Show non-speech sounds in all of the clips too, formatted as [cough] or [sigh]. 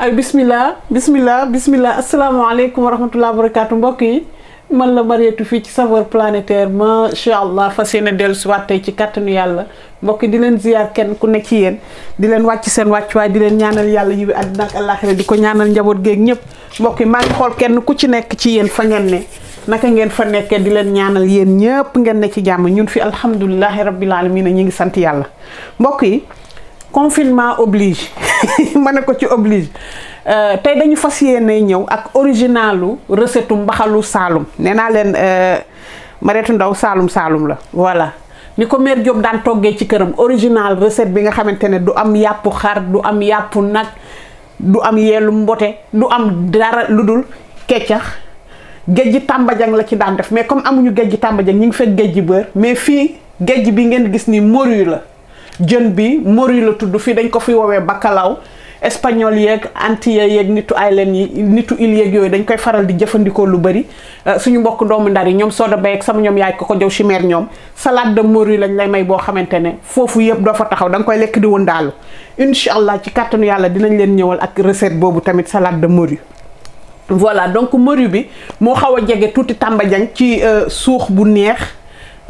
ay bismillah bismillah bismillah Assalamualaikum wa rahmatullahi wa barakatuh mbokk yi man la mariatu fi ci saveur planétaire sha allah fas del dellusiwaat tey ci kàttanu yalla mbokk di len ziar ken ku ne ci yeen di wacc sen wacc way di len ñaanal yalla yibi àddina ak àllaaxira di ko ñaanal njabot geek ñep mbokk yi ngi xol ken ku ci nek ci yeen fa ngeen ne naka ngeen fa di len ñaanal yeen ñep ngeen ne ci jamm ñun fi alhamdullahi rabbil alamin ñi ngi sant yalla mbokk confinement oblige [laughs] ma ne ko ci oblige euh, tey dañu fas yéene ñëw ak originalu recette mbaxalu saalum nee naa leen euh, Mareetu Ndaw saalum saalum la voilà ni ko mère Diop daan toggee ci këram original recette bi nga xamante ne du am yàpp xar du am yàpp nag du am yeelu mbote du am dara lu dul keccax géej tàmbajang la ci daan def mais comme amuñu géej tàmbajang ñu ngi fekk géej bër mais fii géej bi ngeen gis ni moru la jën bi mori la tudd fii dañ ko fi woowee bacalao espagnol yeeg antillais yeeg nitu island yi nitu île yeeg yooyu dañ koy faral di jëfandikoo lu bëri euh, suñu mbokk doomu ndar yi ñoom sooda bay ak sama ñoom yaay ko ko jow chimère ñoom salaat de mori lañ lay may boo xamante ne foofu yëpp doo fa taxaw danga nga koy lekk di wëndaalu incha allah ci kàttanu yàlla dinañ leen ñëwal ak recette boobu tamit salaat de mori voilà donc mori bi moo xaw a jege tuuti tàmba jang ci euh, suux bu neex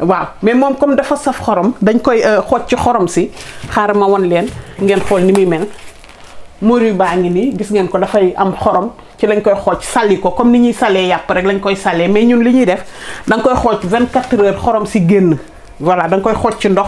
waaw mais moom comme dafa saf xorom dañ koy euh, xooj ci xorom si xaaral ma won leen ngeen xool ni muy mel mori baa ngi nii gis ngeen ko dafay am xorom ci lañ koy xooj salli ko comme ni ñuy salee yàpp rek lañ koy salee mais ñun li ñuy def da nga koy xooj 24 heures xorom si génn voilà da koy xooj ci ndox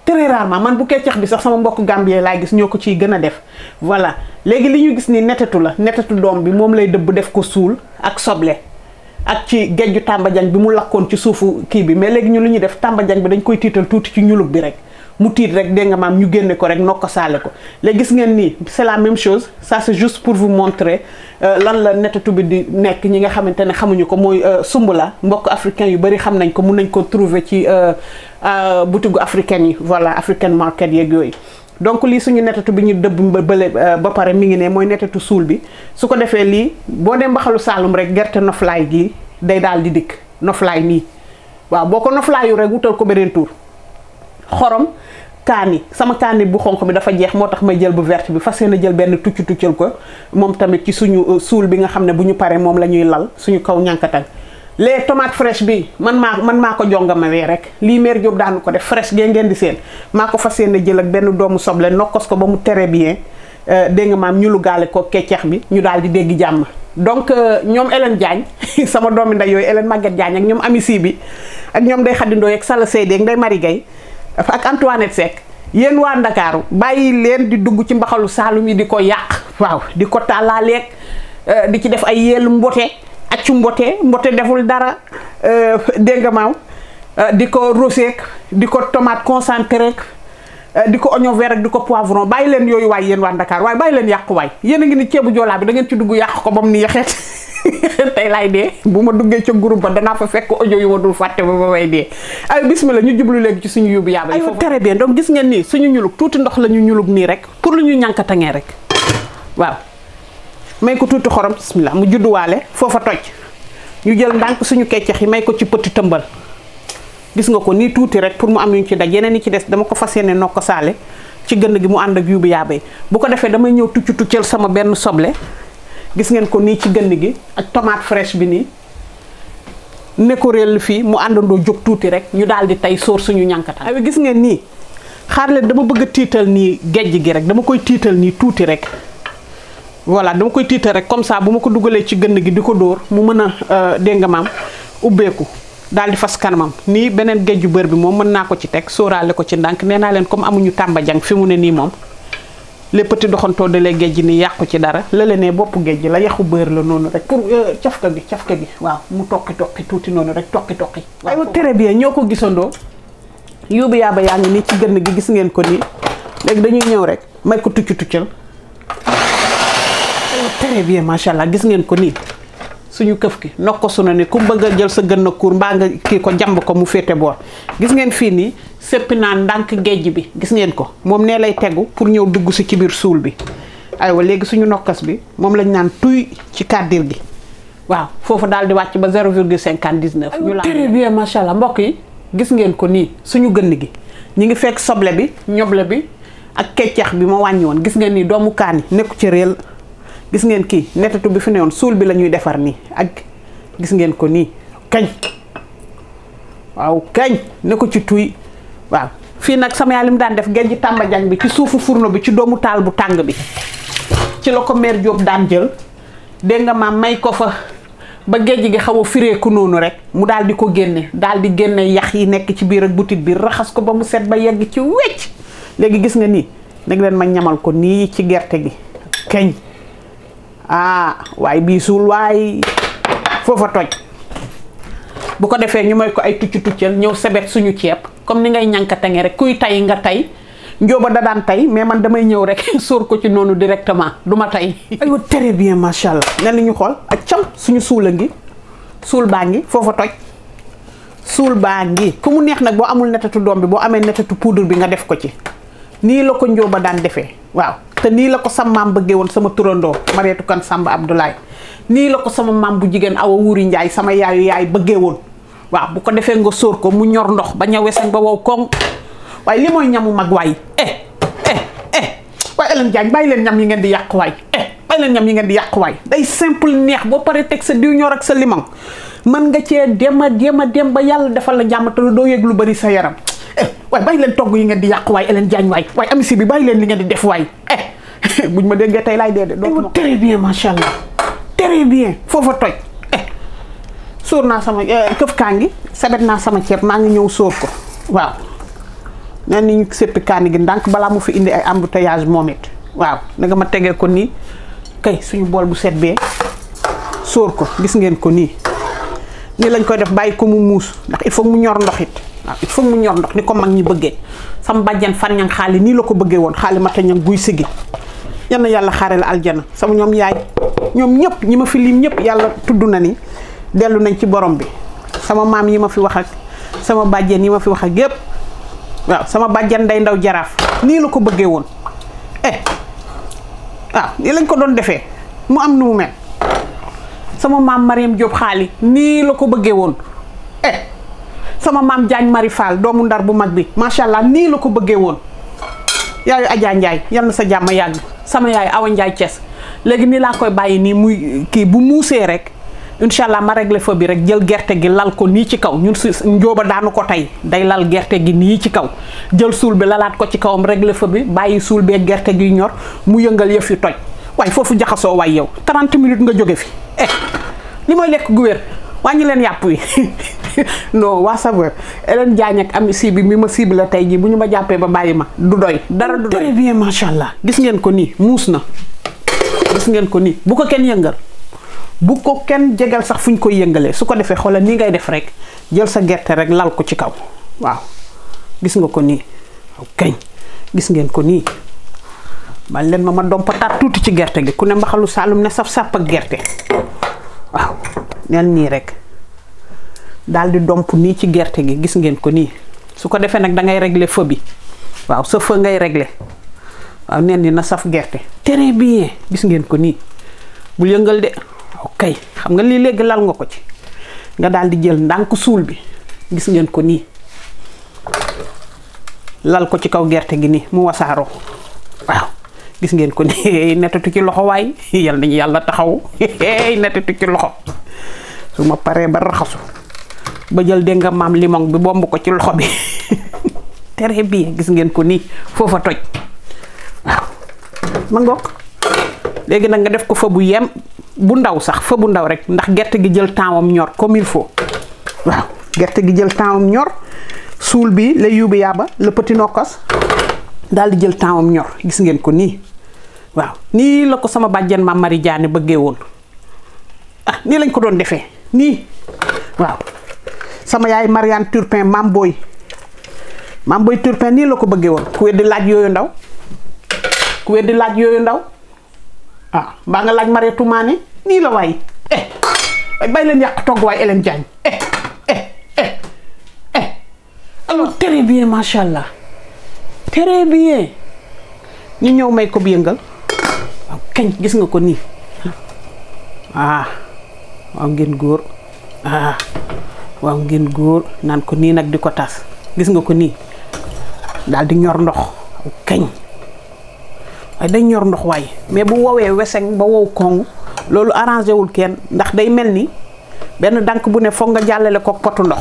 très rarement man bu keccax bi sax sama mbokk gambien laa gis ñoo ko ciy gën a def voilà léegi li ñu gis ni netetu la netetu doom bi moom lay dëbb def ko suul ak soble ak ci géej ju tàmbajan bi mu lakkoon ci suufu kii bi mais léegi ñu lu ñuy def tàmbajan bi dañ koy tiital tuuti ci ñulub bi rek mu tiit rek dégg nga ñu génne ko rek nokk saale ko léegi gis ngeen nii c'est la même chose ça c'est juste pour vous montrer euh, lan la netetu bi di nekk ñi nga xamante ne xamuñu ko mooy euh, sumbula mbokk africain yu bëri xam nañ ko mun nañ ko trouver ci euh, boutique africain yi voilà african market yeeg yooyu. donc lii suñu netatu bi ñu dëbb bële ba pare mi ngi nee mooy netatu suul bi su ko defee lii boo dem baxalu saalum rek gerte noflaay gii day daal di dikk noflaay nii waaw boo ko noflaayu rek wutal ko beneen xorom kaani sama kaani bu xonq bi dafa jeex moo tax may jël bu verte bi fas yéene jël benn tucc tuccal ko moom tamit ci suñu euh, suul bi nga xam ne bu ñu paree moom la ñuy lal suñu kaw ñànkatan les tomates fraîches bi man maa man maa ko jongamawee rek lii mère Diop daanu ko def fraîche gee ngeen di seen maa ko fas yéene jël ak benn doomu soble nokkos ko ba mu tere bien euh, dégg nga maam ñu lu gaale ko kecceex bi ñu daal di dégg jàmm donc euh, ñoom Hélène Diagne [laughs] sama doomi nday yooyu Hélène Maguette Diagne ak ñoom Amici bi ak ñoom day xaddindoo yeeg Sala Seydi ak Ndeye Marie ak Antoinette Seck yéen waa Ndakaaru bàyyi leen di dugg ci mbaxalu Saalum yi di ko yàq waaw di ko taalaaleeg euh, di ci def ay yéelu mbote accu mbote mbote deful dara euh, dégg nga maaw euh, di ko roseek di ko tomate concentré di ko oignon vert ak di ko poivron bàyyi leen yooyu waay yéen waa Ndakaar waaye bàyyi leen yàqu waay yéen a ngi ni ceebu joolaa bi da ci dugg yàq ko ba mu ni yaxeet [laughs] [laughs] tey laay dee bu ma duggee ca groupe ba danaa fa fekk ojo yu ma dul fàtte ba ba may dee ay bismillah ñu jublu léegi ci suñu yóbbu yaaba yi très bien donc gis nga nii suñu ñulug tuuti ndox la ñu ñulug nii rek pour lu ñu ñànkatangee rek waaw may ko tuuti xorom bismillah mu judduwaale foofa toj ñu jël ndànk suñu keccex yi may ko ci petit tëmbal gis nga ko nii tuuti rek pour mu am yu ñu ci daj yeneen yi ci des dama ko fa yéene nokk saale ci gën gi mu ànd ak yóbbu yaaba bu ko defee damay ñëw tucc tuccal sama benn soble gis ngeen ko nii ci gënn gi ak tomate fraîche bi nii ne réel fii mu àndandoo jóg tuuti rek ñu daal di tey sóor suñu ñànkatan ay gis ngeen nii xaar leen dama bëgg tiital nii gejj gi rek dama koy tiital nii tuuti rek voilà dama koy tiital rek comme ça bu ma ko dugalee ci gënn gi di ko dóor mu mën a euh, dégg nga maam ubbeeku daal di fas kanamam nii beneen gejju bër bi moom mën naa ko ci teg sóoraale ko ci ndànk nee naa leen comme amuñu tàmba jang fi mu ne nii moom les petits doxantoo dalee géej ni yàqu ci dara la la ne bopp géej la yaxu bëer la noonu rek pour euh, cafka gi cafka gi waaw mu tokki tokki tuuti noonu rek tokki tokki aywa très bien ñoo ko gisandoo yóbbu yaaba yaa ngi nii ci gën gi gis ngeen ko nii léegi dañuy ñëw rek may ko tucc tuccal très bien macha allah gis ngeen ko nii suñu këf ki nokk ko su ne ni ku bëgg jël sa gën a kuur mbaa nga kii ko jàmb ko mu féete boor gis ngeen fii nii Sepinan naa ndànk bi gis ngeen ko moom ne lay tegu pour ñew dugg ci ci bir sul bi wa legi suñu nokkas bi moom lañ nane tuy ci cadre gi waaw fofu dal di wacc ba 0,59 ñu la très bien macha allah mbokk yi gis ngeen ko ni suñu gënn gi ñi ngi fekk soble bi ñoble bi ak keccax bi mo wañi won gis ngeen ni doomu kaani neeku ci reel gis ngeen ki netatu bi fi neewon sul bi la defar ni ak gis ngeen ko ni kañ waaw kañ neeku ci tuy waaw fi nak sama yalim daan def genji tamba jang bi ci suufu fourneau bi ci doomu tal bu tang bi ci lako mer job daan jël de nga ma may ko fa ba geejgi gi xawu firé ku nonu rek mu dal di ko génne dal di génne yax yi nek ci biir ak boutique bi raxas ko ba mu set ba yegg ci wécc légui gis nga ni nek len ma ñamal ko ni ci gerté gi keñ ah way bi sul way fofa toj bu ko defee ñu may ko ay tuccu tuccel ñew sebet suñu ciép comme ni ngay ñankatenge rek kuy tay nga tay njóoba da daan tay mais man damay ñëw rek [laughs] sóor ko ci noonu directement du ma tay [laughs] aywa très bien macha allah ne li ñu xool suñu suula ngi suul baa ngi foofa toj suul baa ngi ku neex nag boo amul netatu doom bi boo amee netatu poudre bi nga def ko ci nii la ko njóoba daan defee waaw te nii la ko sama maam bëggee woon sama turandoo Mariétu Kan Samba Abdoulaye nii la ko sama maam bu jigéen Awa Wuri Njaay sama yaayu yaay bëggee woon wa bu ko defé nga sor ko mu ñor ndox ba ñawé sañ ba waw kong way li moy ñamu mag way eh eh eh way elen Diagne bay len ñam yi ngeen di yak way eh bay len ñam yi ngeen di yak way day simple neex bo paré tek sa diw ñor ak sa limang man nga ci dema dema dem ba yalla defal la jamm te do yegg lu bari sa yaram eh way bay len togg yi ngeen di yàq waay Ellen Diagne way waaye amisi bi bay len li ngeen di def way eh [laughs] buñ ma déggee tey laay dee de. Eh, très bien macha allah très bien fofu toj sor na sama eh, keuf kangi sabet na sama ciep ma ngi ñew sor ko waaw na ni ñu kani gi ndank bala mu fi indi ay embouteillage momit waaw na nga ma tege ko ni kay suñu bol bu set be sor ko gis ngeen ko ni ni lañ koy def bayyi ko mu mus ndax il faut mu ñor ndox it il faut mu ñor ndox ni ko mag ñi bëgge sam bajjan fan ñang xali ni lako bëgge won xali mata ñang guy sigi yalla yalla xarel aljana sama ñom yaay ñom ñep ñima fi lim ñep yalla tuddu na ni dellu nañ ci borom bi sama mam yi ma fi wax ak sama bàjjen yi ma fi wax ak yeb waaw sama bàjjen day ndaw jaraaf ni lu ko bëggee won eh ah, ni lañ ko doon defé mu am nu mu mel sama mam mariam job xaali ni lu ko won eh sama mam jagn mari fall doomu ndar bu mag bi machallah ni lu la ko bëggee woon yaayu jaay yal na sa jamm sama yaay awa jaay ties léegi ni la koy bayyi ni muy ki bu rek incha allah ma réglé fa bi rek jël gerte gi lal ko nii ci kaw ñun su njóoba daanu ko tey day lal gerte gi nii ci kaw jël suul bi lalaat ko ci kawam réglé fa bi bàyyi suul bee gerte gi ñor mu yëngal yëf yu toj waaye foofu jaxasoo waay yow 30 minutes nga jóge fi eh li mooy lekk gu wér wàññi leen yàpp wi [laughs] non waa saveur Hélène Diagne ak am si bi mi ma ciblé tey jii bu ñu ma jàppee ba bàyyi ma du doy dara du doy très bien macha allah gis ngeen ko nii muus na gis ngeen ko nii bu ko kenn yëngal bu ko kenn jëgal sax fu ñu koy yëngalee su ko defee xoolal ni ngay def rek jël sa gerte rek lal ko ci kaw waaw gis nga ko nii waaw kañ gis ngeen ko nii man leen ma ma ci gerte gi ku ne saalum ne saf sàpp gerte waaw nii rek daal di domp ci gerte gi gis ngeen ko nii su ko defee nag dangay regle régler bi waaw sa feu ngay régler waaw neen ni na saf gerte très bien gis ngeen ko nii bul yëngal de okay xam nga li legi lal nga ko ci nga dal di jël ndank sul bi gis ngeen ko ni lal ko ci kaw gerte gi ni mu wasaro waaw gis ngeen ko ni [laughs] netatu ci loxo way [laughs] yal nañu yalla taxaw [laughs] netatu ci loxo suma paré ba raxasu ba jël de nga mam limong bi bomb ko ci loxo bi terre bi gis ngeen ko ni fofa toj mangok léegi nak nga def ko fa bu yem bu ndaw sax fa bu ndaw rek ndax gerte gi jël tempsam ñor comme il faut waaw gerte gi jël tempsam ñor suul bi yubi ya ba le petit nokkos dal di jël tempsam ñor gis ngeen ko nii waaw ni la ko sama badjan maam mari jani beugé won ah nii lañ ko doon défé nii waaw sama yaay mariane turpin mam boy mam boy turpin nii la ko beugé won ku wéddi laaj yoyu ndaw ku wéddi laaj yoyu ndaw ah ba nga laaj maretu mané ni la way eh bay len yak tok way elen jagne eh eh eh eh alors très bien machallah très bien ñu ñew may ko bi yeungal kagn gis nga ko ni ah wa ngeen góor ah wa ngeen góor nan ko ni nak diko tass gis nga ko ni dal di ñor ndox kagn dañ ñor ndox waay mais bu wowee weseng ba wow kong loolu arrangé wul kenn ndax day mel ni benn dànk bu ne foog nga jàllale ko potu ndox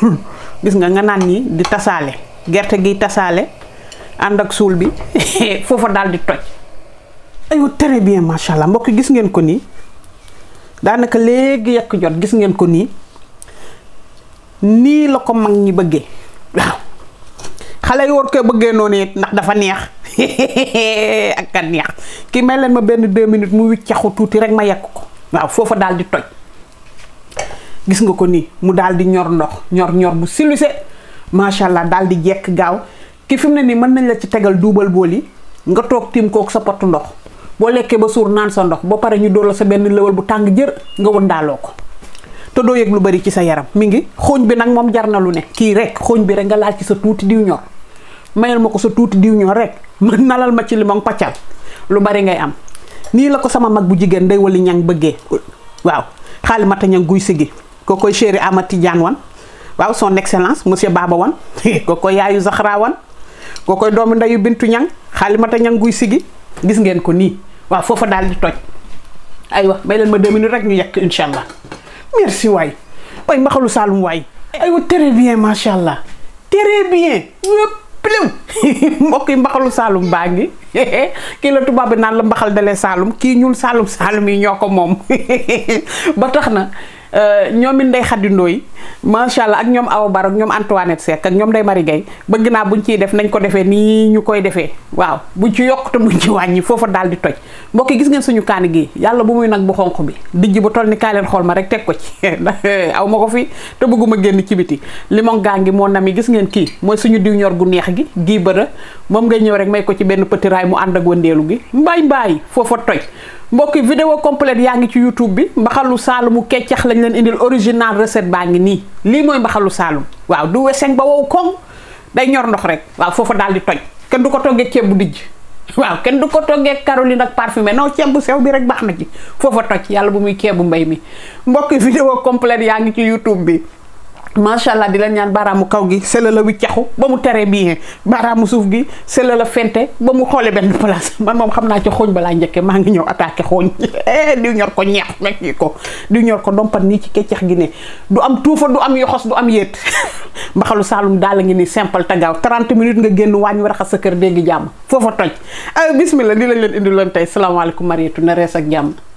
[laughs] gis nga nga naan ñi di tasaale gerte gi tasaale ànd ak suul bi [laughs] foofa daal di toj aywa bien macha allah mbokk gis ngeen ko nii daanaka léegi jot gis ngeen ko nii nii la ko mag ñi bëggee waaw xale yi koy bëggee noonu ndax dafa neex [laughs] ak kan neex ki may len ma ben 2 minutes mu wiccaxu tuuti rek ma yak ko waaw fofu dal di toj gis nga ko ni mu dal di ñor ndox ñor ñor bu silwise macha allah dal di jek gaaw ki fi mu ne nii mën nañ la ci tégal double bool yi nga tim ko ak sa pot ndox bo lekke ba sour nan sa ndox ba paré ñu dool sa ben lëwal bu tang jër nga won daloko to do yëg lu bari ci sa yaram mi ngi xooñ bi nak mom jarna lu ne ki rek xooñ bi rek nga laal ci sa tuuti diw ñor mayal mako sa tuuti diw ñor rek mën nalal ma ci limong patial lu bari ngay am ni la ko sama mag bu jigen day wali ñang bëggee waaw xaali mata ñang guuy sigi ko koy chéri amati jaan wan waaw son excellence monsieur baba wan [laughs] ko koy yaayu zahra wan ko koy doomi ndayu bintu ñang xaali mata ñang guuy sigi gis ngeen ko ni waaw foofa dal di toj wa may leen ma 2 minutes rek ñu yak inshallah merci way ma xalu salum ay wa très bien machallah très bien yep. piliw [laughs] mbokk yi mbaxalu saalum baa ngi [laughs] kii la tubaab bi naan la mbaxal dalee saalum kii ñuul saalum saalum yi ñoo ko moom [laughs] ba tax na Euh, ñoom it Ndeye Khady Ndoye macha allah ak ñoom aw Baro ak ñoom Antoinette Seck ak ñoom Ndeye Marie Guèye bëgg naa buñ ciy def nañ ko defee nii ñu koy defee waaw buñ ci yokk te buñ ci wàññi foofa daal di toj mbokki gis ngeen suñu kaani gi yàlla bu muy nag bu xonq bi dijj bu toll ni kaay leen xool ma rek teg ko ci [laughs] aw ma ko fi te bëgguma génn ci biti limon gaa ngi moo nami gis ngeen kii mooy suñu diw ñor gu neex gi gii bërë moom ngay ñëw rek may ko ci benn petit mu ànd ak wëndeelu gi mbaay mbaay foofa toj mbokki vidéo complète yaa ngi ci youtube bi mbaxalu saalumu keccax lañ leen indil original recette baa ngi nii lii mooy mbaxalu saalum waaw du weseñ ba wow koŋ day ñor ndox rek waaw foofa daal di toj kenn du ko toggee ceeb bu dijj [laughs] waaw kenn du ko toggee Caroline ak parfumé non ceeb bu sew bi rek baax na ci foofa toj yàlla bu muy ceebu mbay mi mbokki [laughs] vidéo complète yaa ngi ci youtube bi macha allah di la ñaan baaraamu kaw gi sela la wiccaxu ba mu teree bien baaraamu suuf gi sela la fente ba mu xoolee benn place man moom xam naa ci xooñ balaa njëkkee maa ngi ñëw attaqué xooñ [laughs] eh, diw ñor ko ñeex nekk ko diw ñor ko dompat nii ci keccax gi ne du am tuufa du am yoxos du am yéet [laughs] mbaxalu saalum daal ngi ni simple tagaaw 30 minutes nga génn waañ war a sa kër dégg jàmm foofa toj ay eh, bismillah di lañ leen indi loon tey salaamaaleykum Mariétou na rees jàmm